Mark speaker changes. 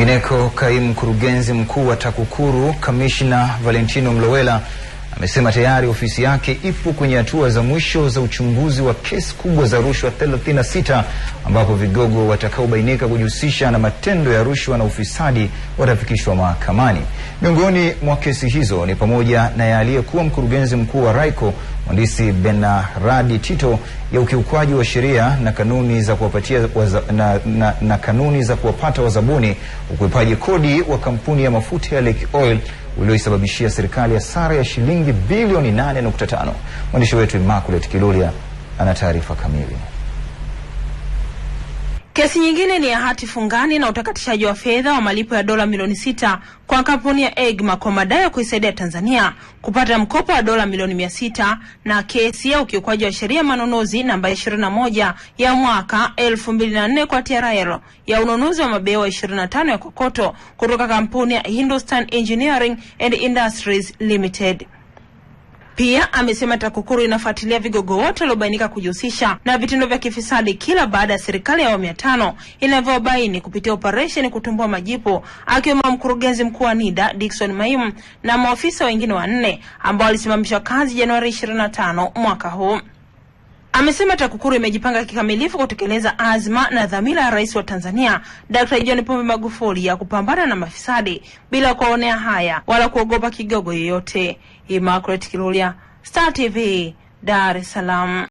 Speaker 1: Kwingineko, kaimu mkurugenzi mkuu wa TAKUKURU Kamishna Valentino Mlowela amesema tayari ofisi yake ipo kwenye hatua za mwisho za uchunguzi wa kesi kubwa za rushwa 36 ambapo vigogo watakaobainika kujihusisha na matendo ya rushwa na ufisadi watafikishwa mahakamani. Miongoni mwa kesi hizo ni pamoja na ya aliyekuwa mkurugenzi mkuu wa RAICO mhandisi Benaradi Tito ya ukiukwaji wa sheria na kanuni za kuwapatia waza, na, na, na kanuni za kuwapata wazabuni, ukwepaji kodi wa kampuni ya mafuta ya Lake Oil ulioisababishia serikali hasara ya shilingi bilioni 8.5. Mwandishi wetu Immaculate Kilulia ana taarifa kamili.
Speaker 2: Kesi nyingine ni ya hati fungani na utakatishaji wa fedha wa malipo ya dola milioni sita kwa kampuni ya EGMA kwa madai ya kuisaidia Tanzania kupata mkopo wa dola milioni mia sita na kesi ya ukiukwaji wa sheria manunuzi namba 21 ya mwaka 2004 kwa TRL ya ununuzi wa mabewa 25 ya kokoto kutoka kampuni ya Hindustan Engineering and Industries Limited. Pia amesema TAKUKURU inafuatilia vigogo wote waliobainika kujihusisha na vitendo vya kifisadi kila baada ya serikali ya awamu ya tano inavyobaini kupitia operesheni kutumbua majipu, akiwemo mkurugenzi mkuu wa NIDA Dickson Maimu na maofisa wengine wanne ambao walisimamishwa kazi Januari 25 mwaka huu. Amesema TAKUKURU imejipanga kikamilifu kutekeleza azma na dhamira ya Rais wa Tanzania Dr. John Pombe Magufuli ya kupambana na mafisadi bila kuwaonea haya wala kuogopa kigogo yoyote. Immaculate Kirulia, Star TV, Dar es Salaam.